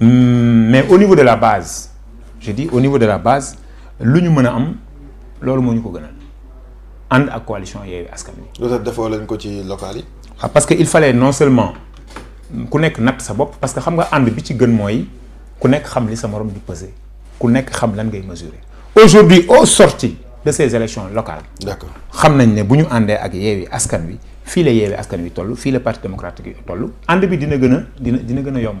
Mm, mais au niveau de la base je dis au niveau de la base lu ñu am loolu moo ñu ko gënal ànd ak coalition Yewwi Askan Wi. loolu tax defoo leen ko ci local yi. ah parce que il fallait non seulement ku nekk natt sa parce que xam nga ànd bi ci gën mooy ku nekk xam li sa morom di peser ku nekk xam lan ngay mesurer aujourd'hui au sorti de ces élections locales. d'accord xam nañ ne bu ñu ak Yewwi Askan Wi fi la Yewwi Askan Wi tollu, fi le parti démocratique yi toll ànd bi dina gëna dina gëna yomb.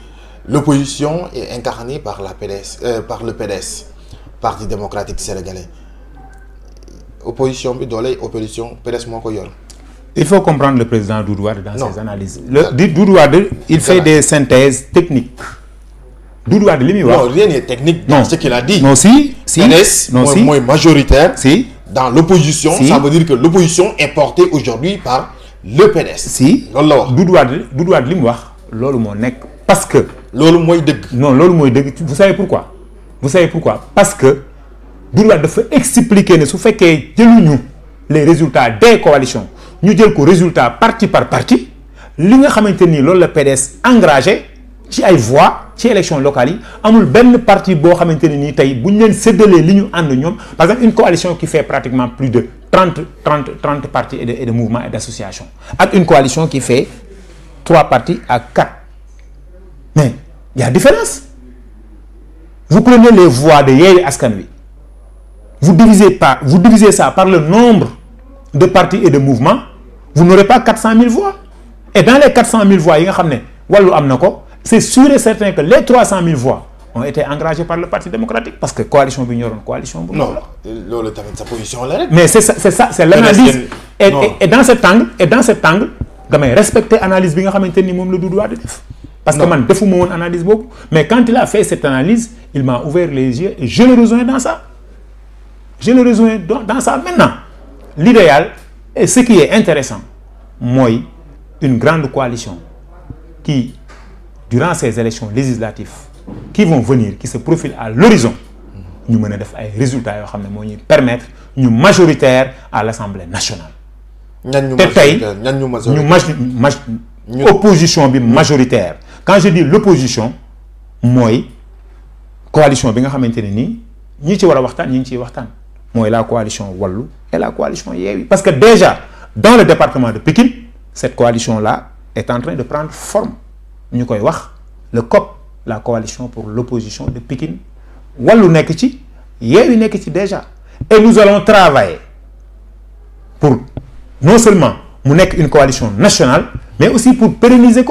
L'opposition est incarnée par, la PDS, euh, par le PDS, Parti démocratique sénégalais. Opposition mais opposition PDS mon il faut comprendre le président Doudouard dans ses analyses. le euh, dit il fait des synthèses techniques. Doudouard non rien n'est technique. dans ce qu'il a dit. non si si PDS non si majoritaire. si dans l'opposition ça veut dire que l'opposition est portée aujourd'hui par le PDS. si Non la Doudouard Doudouard parce que non vous savez pourquoi vous savez pourquoi parce que Doudou de dafa expliquer ne su fekkee jëluñu les résultats des coalitions nous jël ko résultat parti par parti li nga maintenu ni le la PDS engagé ci ay voix qui élections locales yi amul benn parti une xamante ne une tey bu ñu leen séddalee li ñu par exemple une coalition qui fait pratiquement plus de 30 30 30 partis et de et de mouvements et d'associations ak une coalition qui fait trois partis à quatre mais il y a une différence. Vous prenez les voix de Yel Askanvi. Vous divisez, vous divisez ça par le nombre de partis et de mouvements. Vous n'aurez pas 400 000 voix. Et dans les 400 000 voix, c'est sûr et certain que les 300 000 voix ont été engagées par le Parti démocratique parce que coalition une coalition Non, sa position Mais c'est ça, c'est l'analyse. Et, dans cet angle, et dans cet angle, respecter l'analyse que vous avez parce non. que man, fou mon analyse beaucoup. Mais quand il a fait cette analyse, il m'a ouvert les yeux et je le rejoins dans ça. Je le rejoins dans, ça maintenant. L'idéal, et ce qui est intéressant, moi, une grande coalition qui, durant ces élections législatives, qui vont venir, qui se profilent à l'horizon, nous menons des résultats qui nous permettre nous majoritaire à l'Assemblée nationale. Nous majoritaire. Nous majoritaire. opposition majoritaire quand je dis l'opposition moi, coalition bi nga xamante ni ni ñi ci ñi la coalition Wallu et la coalition yewi parce que déjà dans le département de Pékin, cette coalition là est en train de prendre forme Nous avons wax le COP la coalition pour l'opposition de Pékin. Wallu nek ci yewi ci déjà et nous allons travailler pour non seulement une coalition nationale mais aussi pour pérenniser